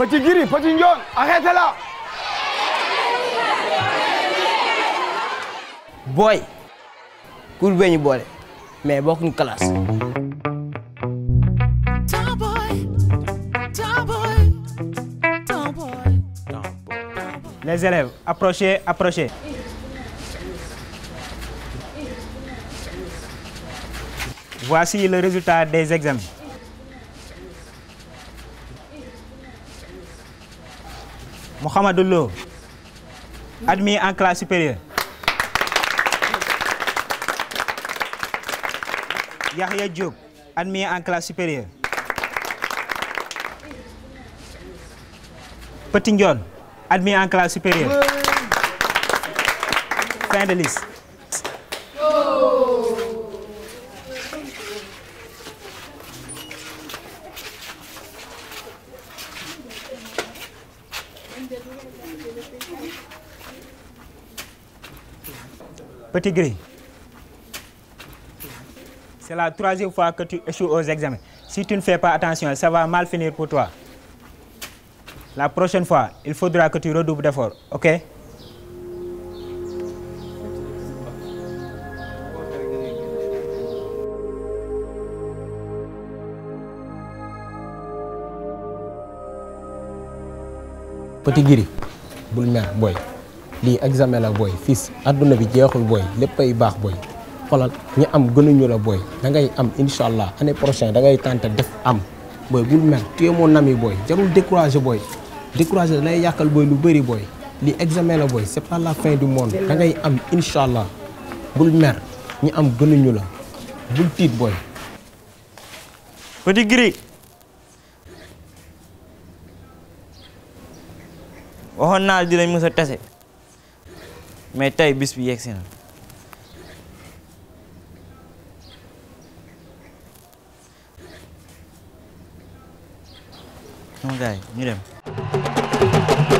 Petit Guiri, Petit Ndion, arrêtez là Boy, cour bi ñu boole mais bokkuñu classe. Les élèves, approchez, approchez. Voici le résultat des examens. Mouhamadou Lo admis en classe supérieure Yahya Diop admis en classe supérieure Petit Ndion admis en classe supérieure fin de liste Petit Gris c'est la troisième fois que tu échoues aux examens si tu ne fais pas attention ça va mal finir pour toi la prochaine fois il faudra que tu redoubles d'efforts ok Petit lii examen la booy fils àdduna bi jeexul booy lépp ay baax booy xoolal ñu am gënuñu la booy da ngay am incha allah année prochaine da ngay tenté def am booy bul mer téye moo nami booy jarul découragé booy découragé da lay yàqal booy lu bëri booy lii examen la booy c'est pas la fin du monde da ngay am incha allah bul mer ñu am gënuñu la bul tiit booy. Petit Gris. waxoon naa dinañ mës a mais tey bis bi yegsi na sama gars yi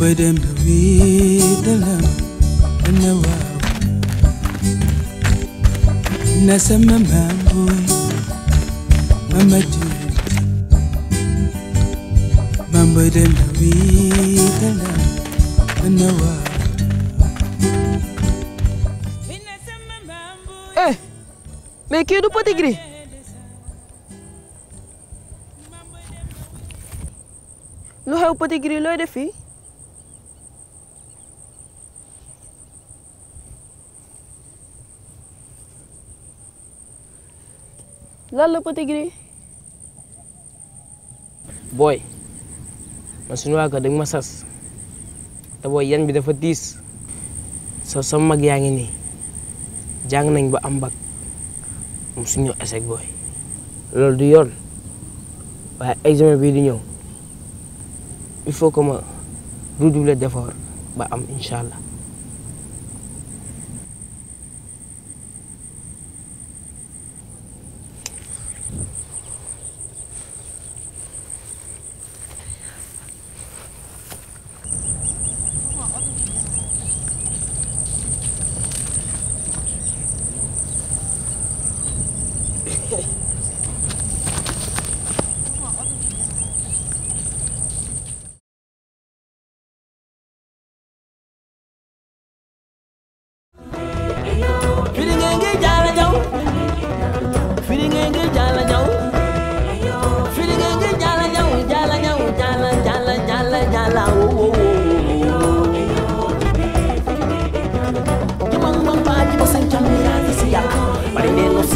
bay dem du wiitalam na waaw na sama maam mooy du wiitalam na waaw eh mais kii du lu xew Petit Gris looy def lan la Petit Gris. booy man suñu waa kër dañ ma sas te booy yan bi dafa tiis sa sama mag yaa ngi nii jàng nañ ba am bag moom suñu échec booy loolu du yoon waaye examen bii di ñëw il faut que ma redoubler d'effort ba am incha allah.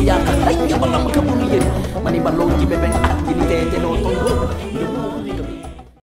yàq